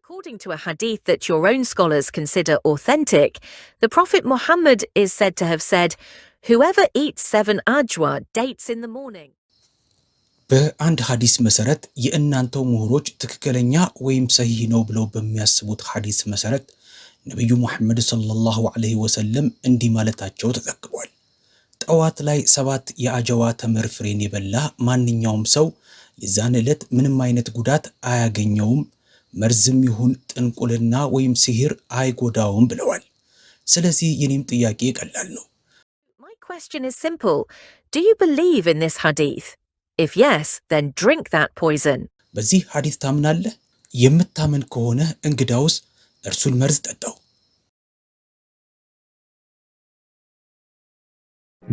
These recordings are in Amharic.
According to a hadith that your own scholars consider authentic, the Prophet Muhammad is said to have said, Whoever eats seven ajwa dates in the morning. በአንድ ሀዲስ መሰረት የእናንተው ምሁሮች ትክክለኛ ወይም ሰሂህ ነው ብለው በሚያስቡት ሀዲስ መሰረት ነቢዩ ሙሐመድ ሰለላሁ ዐለይሂ ወሰለም እንዲህ ማለታቸው ተዘግቧል። ጠዋት ላይ ሰባት የአጀዋ ተምር ፍሬን የበላ ማንኛውም ሰው የዛን ዕለት ምንም አይነት ጉዳት አያገኘውም መርዝም ይሁን ጥንቁልና ወይም ሲሄር አይጎዳውም ብለዋል። ስለዚህ የኔም ጥያቄ ቀላል ነው። በዚህ ሐዲት ታምናለህ? የምታምን ከሆነ እንግዳውስ እርሱን መርዝ ጠጣው።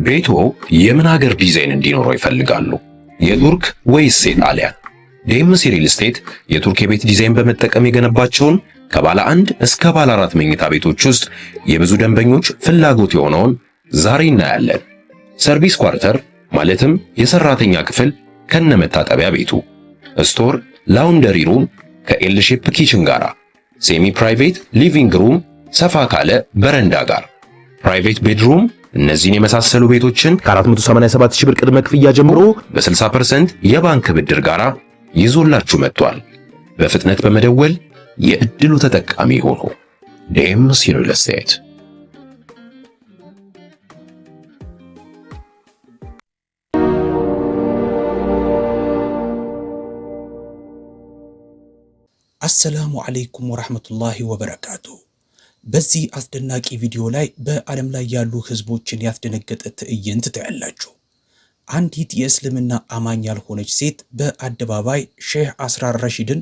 ቤትዎ የምን አገር ዲዛይን እንዲኖረው ይፈልጋሉ? የቱርክ ወይስ የጣሊያን? ዴምሲ ሪል ስቴት የቱርክ የቤት ዲዛይን በመጠቀም የገነባቸውን ከባለ አንድ እስከ ባለ አራት መኝታ ቤቶች ውስጥ የብዙ ደንበኞች ፍላጎት የሆነውን ዛሬ እናያለን። ሰርቪስ ኳርተር ማለትም የሰራተኛ ክፍል ከነመታጠቢያ ቤቱ፣ ስቶር፣ ላውንደሪ ሩም ከኤል ሼፕ ኪችን ጋራ፣ ሴሚ ፕራይቬት ሊቪንግ ሩም ሰፋ ካለ በረንዳ ጋር፣ ፕራይቬት ቤድሩም እነዚህን የመሳሰሉ ቤቶችን ከ487 ሺህ ብር ቅድመ ክፍያ ጀምሮ በ60% የባንክ ብድር ጋራ ይዞላችሁ መጥቷል። በፍጥነት በመደወል የእድሉ ተጠቃሚ ሆኖ ዴምሲ ሪል ስቴት አሰላሙ አለይኩም ወራህመቱላሂ ወበረካቱ። በዚህ አስደናቂ ቪዲዮ ላይ በዓለም ላይ ያሉ ህዝቦችን ያስደነገጠ ትዕይንት ታያላችሁ። አንዲት የእስልምና አማኝ ያልሆነች ሴት በአደባባይ ሼህ አስራር ረሺድን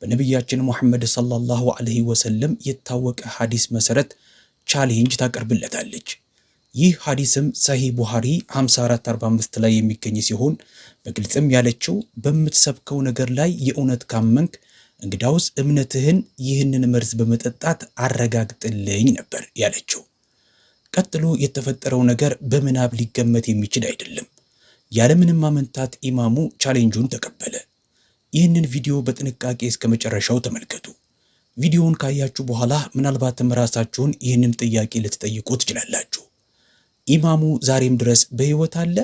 በነቢያችን ሙሐመድ ሰለላሁ ዐለይሂ ወሰለም የታወቀ ሐዲስ መሰረት ቻሌንጅ ታቀርብለታለች። ይህ ሐዲስም ሰሂህ ቡኻሪ 5445 ላይ የሚገኝ ሲሆን በግልጽም ያለችው በምትሰብከው ነገር ላይ የእውነት ካመንክ እንግዳውስ እምነትህን ይህንን መርዝ በመጠጣት አረጋግጥልኝ ነበር ያለችው። ቀጥሎ የተፈጠረው ነገር በምናብ ሊገመት የሚችል አይደለም። ያለምንም ማመንታት ኢማሙ ቻሌንጁን ተቀበለ። ይህንን ቪዲዮ በጥንቃቄ እስከ መጨረሻው ተመልከቱ። ቪዲዮውን ካያችሁ በኋላ ምናልባትም ራሳችሁን ይህንን ጥያቄ ልትጠይቁ ትችላላችሁ። ኢማሙ ዛሬም ድረስ በሕይወት አለ?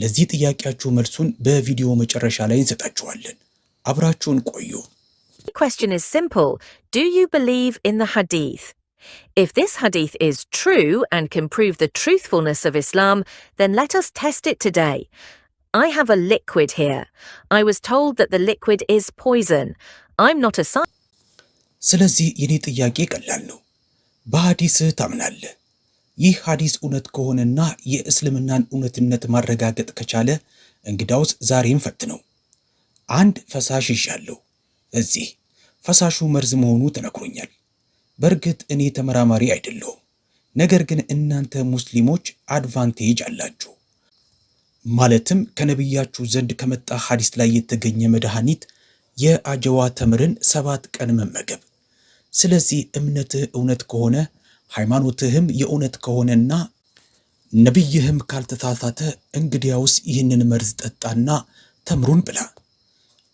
ለዚህ ጥያቄያችሁ መልሱን በቪዲዮ መጨረሻ ላይ እንሰጣችኋለን። አብራችሁን ቆዩ። question is simple do you believe in the hadith If this hadith is true and can prove the truthfulness of Islam, then let us test it today. I have a liquid here. I was told that the liquid is poison. I'm not a scientist. ስለዚህ የኔ ጥያቄ ቀላል ነው። በሐዲስህ ታምናለህ? ይህ ሐዲስ እውነት ከሆነና የእስልምናን እውነትነት ማረጋገጥ ከቻለ እንግዳውስ ዛሬም ፈትነው። አንድ ፈሳሽ ይዣለሁ። እዚህ ፈሳሹ መርዝ መሆኑ ተነግሮኛል። በእርግጥ እኔ ተመራማሪ አይደለሁም፣ ነገር ግን እናንተ ሙስሊሞች አድቫንቴጅ አላችሁ። ማለትም ከነቢያችሁ ዘንድ ከመጣ ሐዲስ ላይ የተገኘ መድኃኒት የአጀዋ ተምርን ሰባት ቀን መመገብ። ስለዚህ እምነትህ እውነት ከሆነ ሃይማኖትህም የእውነት ከሆነና ነቢይህም ካልተሳሳተ እንግዲያውስ ይህንን መርዝ ጠጣና ተምሩን ብላ።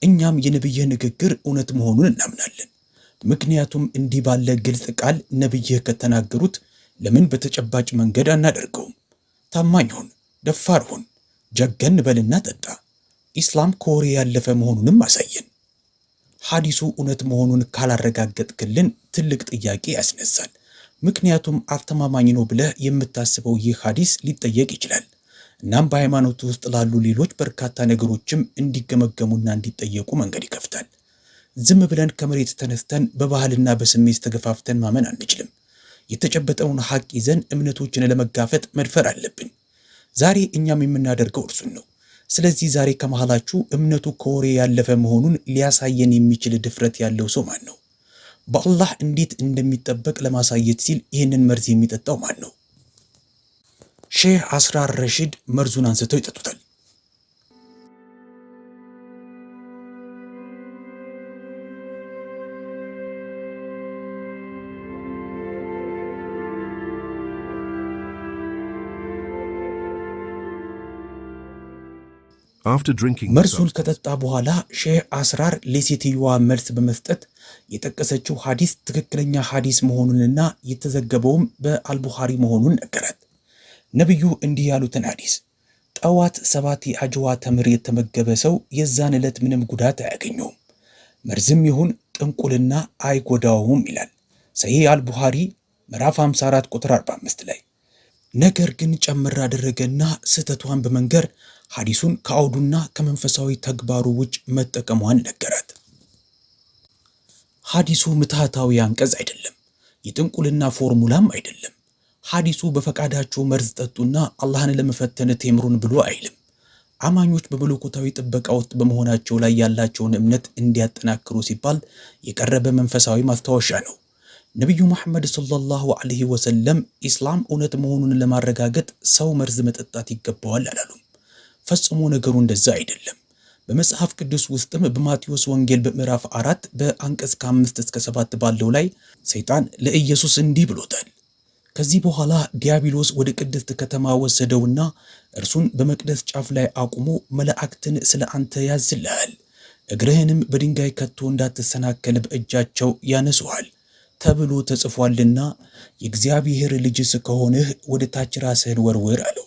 እኛም የነቢይህ ንግግር እውነት መሆኑን እናምናለን። ምክንያቱም እንዲህ ባለ ግልጽ ቃል ነቢይህ ከተናገሩት ለምን በተጨባጭ መንገድ አናደርገውም? ታማኝ ሁን፣ ደፋር ሁን፣ ጀገን በልና ጠጣ። ኢስላም ከወሬ ያለፈ መሆኑንም አሳየን። ሐዲሱ እውነት መሆኑን ካላረጋገጥክልን ትልቅ ጥያቄ ያስነሳል። ምክንያቱም አስተማማኝ ነው ብለህ የምታስበው ይህ ሐዲስ ሊጠየቅ ይችላል። እናም በሃይማኖት ውስጥ ላሉ ሌሎች በርካታ ነገሮችም እንዲገመገሙና እንዲጠየቁ መንገድ ይከፍታል። ዝም ብለን ከመሬት ተነስተን በባህልና በስሜት ተገፋፍተን ማመን አንችልም። የተጨበጠውን ሀቅ ይዘን እምነቶችን ለመጋፈጥ መድፈር አለብን። ዛሬ እኛም የምናደርገው እርሱን ነው። ስለዚህ ዛሬ ከመሃላችሁ እምነቱ ከወሬ ያለፈ መሆኑን ሊያሳየን የሚችል ድፍረት ያለው ሰው ማን ነው? በአላህ እንዴት እንደሚጠበቅ ለማሳየት ሲል ይህንን መርዝ የሚጠጣው ማን ነው? ሼህ አስራር ረሺድ መርዙን አንስተው ይጠጡታል። መርሱን ከጠጣ በኋላ ሼህ አስራር ለሴትየዋ መልስ በመስጠት የጠቀሰችው ሐዲስ ትክክለኛ ሐዲስ መሆኑንና የተዘገበውም በአልቡኻሪ መሆኑን ነገረት። ነቢዩ እንዲህ ያሉትን ሐዲስ ጠዋት ሰባት የአጅዋ ተምር የተመገበ ሰው የዛን ዕለት ምንም ጉዳት አያገኘውም፣ መርዝም ይሁን ጥንቁልና አይጎዳውም ይላል ሰሂህ አልቡኻሪ ምዕራፍ 54 ቁጥር 45 ላይ። ነገር ግን ጨምር አደረገና ስህተቷን በመንገር ሐዲሱን ከአውዱና ከመንፈሳዊ ተግባሩ ውጭ መጠቀሟን ነገራት። ሐዲሱ ምትሃታዊ አንቀጽ አይደለም፣ የጥንቁልና ፎርሙላም አይደለም። ሐዲሱ በፈቃዳቸው መርዝ ጠጡና አላህን ለመፈተን ቴምሩን ብሎ አይልም። አማኞች በመለኮታዊ ጥበቃ ውስጥ በመሆናቸው ላይ ያላቸውን እምነት እንዲያጠናክሩ ሲባል የቀረበ መንፈሳዊ ማስታወሻ ነው። ነቢዩ መሐመድ ሰለላሁ ዐለይሂ ወሰለም ኢስላም እውነት መሆኑን ለማረጋገጥ ሰው መርዝ መጠጣት ይገባዋል አላሉም። ፈጽሞ ነገሩ እንደዛ አይደለም። በመጽሐፍ ቅዱስ ውስጥም በማቴዎስ ወንጌል በምዕራፍ አራት በአንቀጽ ከአምስት እስከ ሰባት ባለው ላይ ሰይጣን ለኢየሱስ እንዲህ ብሎታል። ከዚህ በኋላ ዲያብሎስ ወደ ቅድስት ከተማ ወሰደውና እርሱን በመቅደስ ጫፍ ላይ አቁሞ መላእክትን ስለ አንተ ያዝልሃል፣ እግርህንም በድንጋይ ከቶ እንዳትሰናከል በእጃቸው ያነሱሃል ተብሎ ተጽፏልና የእግዚአብሔር ልጅስ ከሆንህ ወደ ታች ራስህን ወርውር አለው።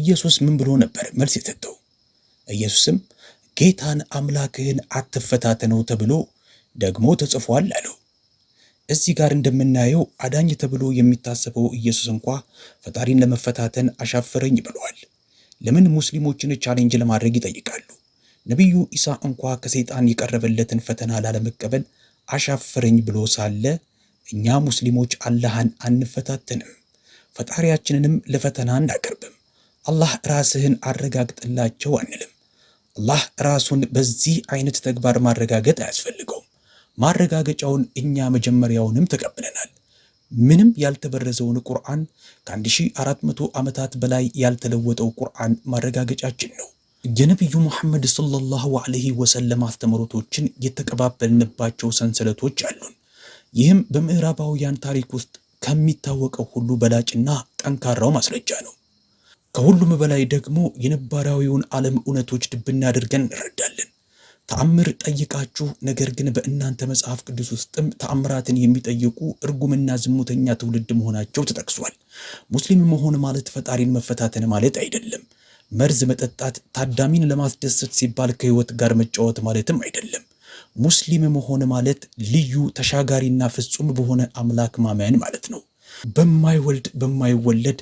ኢየሱስ ምን ብሎ ነበር መልስ የሰጠው? ኢየሱስም ጌታን አምላክህን አትፈታተነው ተብሎ ደግሞ ተጽፏል አለው። እዚህ ጋር እንደምናየው አዳኝ ተብሎ የሚታሰበው ኢየሱስ እንኳ ፈጣሪን ለመፈታተን አሻፈረኝ ብሏል። ለምን ሙስሊሞችን ቻሌንጅ ለማድረግ ይጠይቃሉ? ነቢዩ ኢሳ እንኳ ከሰይጣን የቀረበለትን ፈተና ላለመቀበል አሻፈረኝ ብሎ ሳለ እኛ ሙስሊሞች አላህን አንፈታተንም፣ ፈጣሪያችንንም ለፈተና አናቀርብም አላህ ራስህን አረጋግጥላቸው አንልም። አላህ ራሱን በዚህ አይነት ተግባር ማረጋገጥ አያስፈልገውም። ማረጋገጫውን እኛ መጀመሪያውንም ተቀብለናል። ምንም ያልተበረዘውን ቁርአን ከ1400 ዓመታት በላይ ያልተለወጠው ቁርአን ማረጋገጫችን ነው። የነቢዩ ሙሐመድ ሰለላሁ ዐለይሂ ወሰለም አስተምህሮቶችን የተቀባበልንባቸው ሰንሰለቶች አሉን። ይህም በምዕራባውያን ታሪክ ውስጥ ከሚታወቀው ሁሉ በላጭና ጠንካራው ማስረጃ ነው። ከሁሉም በላይ ደግሞ የነባራዊውን ዓለም እውነቶች ድብና አድርገን እንረዳለን። ተአምር ጠይቃችሁ፣ ነገር ግን በእናንተ መጽሐፍ ቅዱስ ውስጥም ተአምራትን የሚጠይቁ እርጉምና ዝሙተኛ ትውልድ መሆናቸው ተጠቅሷል። ሙስሊም መሆን ማለት ፈጣሪን መፈታተን ማለት አይደለም። መርዝ መጠጣት ታዳሚን ለማስደሰት ሲባል ከህይወት ጋር መጫወት ማለትም አይደለም። ሙስሊም መሆን ማለት ልዩ ተሻጋሪና ፍጹም በሆነ አምላክ ማመን ማለት ነው። በማይወልድ በማይወለድ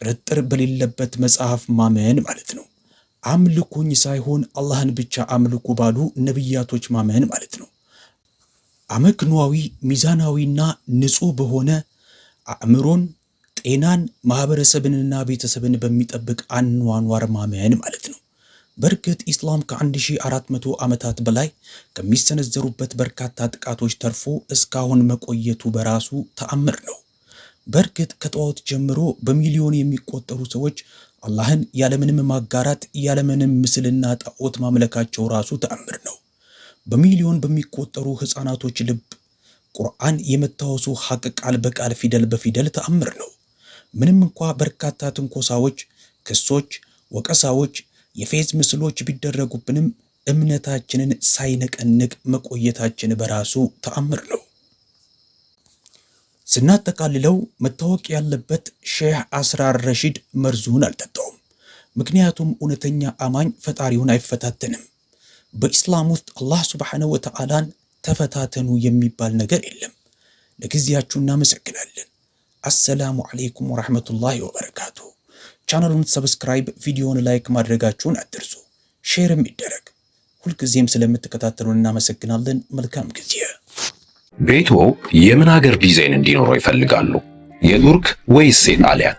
ጥርጥር በሌለበት መጽሐፍ ማመን ማለት ነው። አምልኩኝ ሳይሆን አላህን ብቻ አምልኩ ባሉ ነቢያቶች ማመን ማለት ነው። አመክኗዊ ሚዛናዊና ንጹህ በሆነ አእምሮን፣ ጤናን፣ ማህበረሰብንና ቤተሰብን በሚጠብቅ አኗኗር ማመን ማለት ነው። በእርግጥ ኢስላም ከ1400 ዓመታት በላይ ከሚሰነዘሩበት በርካታ ጥቃቶች ተርፎ እስካሁን መቆየቱ በራሱ ተአምር ነው። በእርግጥ ከጠዋት ጀምሮ በሚሊዮን የሚቆጠሩ ሰዎች አላህን ያለምንም ማጋራት ያለምንም ምስልና ጣዖት ማምለካቸው ራሱ ተአምር ነው። በሚሊዮን በሚቆጠሩ ህፃናቶች ልብ ቁርአን የመታወሱ ሐቅ ቃል በቃል ፊደል በፊደል ተአምር ነው። ምንም እንኳ በርካታ ትንኮሳዎች፣ ክሶች፣ ወቀሳዎች፣ የፌዝ ምስሎች ቢደረጉብንም እምነታችንን ሳይነቀንቅ መቆየታችን በራሱ ተአምር ነው። ስናጠቃልለው መታወቅ ያለበት ሼህ አስራር ረሺድ መርዙን አልጠጣውም። ምክንያቱም እውነተኛ አማኝ ፈጣሪውን አይፈታተንም። በኢስላም ውስጥ አላህ ሱብሓነሁ ወተዓላን ተፈታተኑ የሚባል ነገር የለም። ለጊዜያችሁ እናመሰግናለን። አሰላሙ ዓለይኩም ወራህመቱላሂ ወበረካቱ። ቻናሉን ሰብስክራይብ፣ ቪዲዮውን ላይክ ማድረጋችሁን አትርሱ። ሼርም ይደረግ። ሁልጊዜም ስለምትከታተሉን እናመሰግናለን። መልካም ጊዜ ቤትዎ የምን ሀገር ዲዛይን እንዲኖረው ይፈልጋሉ? የቱርክ ወይስ የጣሊያን?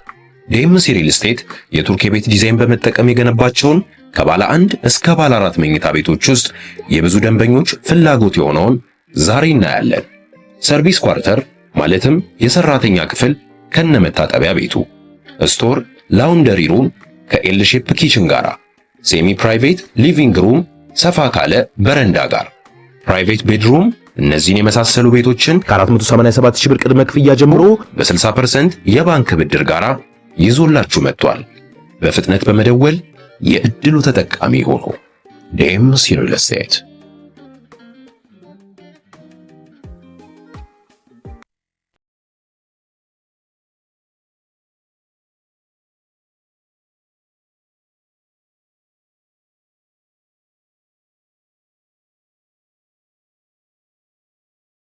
ዴምሲ ሪል ስቴት የቱርክ የቤት ዲዛይን በመጠቀም የገነባቸውን ከባለ አንድ እስከ ባለ አራት መኝታ ቤቶች ውስጥ የብዙ ደንበኞች ፍላጎት የሆነውን ዛሬ እናያለን። ሰርቪስ ኳርተር ማለትም የሰራተኛ ክፍል ከነመታጠቢያ ቤቱ፣ ስቶር፣ ላውንደሪ ሩም ከኤል ሼፕ ኪችን ጋራ፣ ሴሚ ፕራይቬት ሊቪንግ ሩም ሰፋ ካለ በረንዳ ጋር፣ ፕራይቬት ቤድሩም እነዚህን የመሳሰሉ ቤቶችን ከ487 ሺህ ብር ቅድመ ክፍያ ጀምሮ በ60% የባንክ ብድር ጋር ይዞላችሁ መጥቷል። በፍጥነት በመደወል የእድሉ ተጠቃሚ ሆኖ ዴምሲ ሪል ስቴት